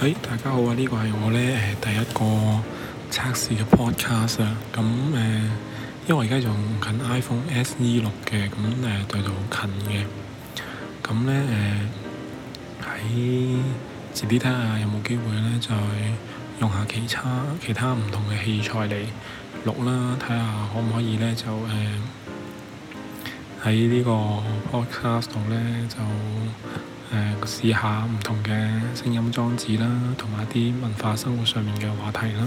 誒、哎，大家好啊！呢個係我咧誒第一個測試嘅 podcast 啊。咁誒、呃，因為而家仲近 iPhone SE 錄嘅，咁誒、呃、對住好近嘅。咁咧誒，喺、呃、自己睇下有冇機會咧，再用下其他其他唔同嘅器材嚟錄啦，睇下可唔可以咧就誒喺呢個 podcast 度咧就～、呃試下唔同嘅聲音裝置啦，同埋一啲文化生活上面嘅話題啦。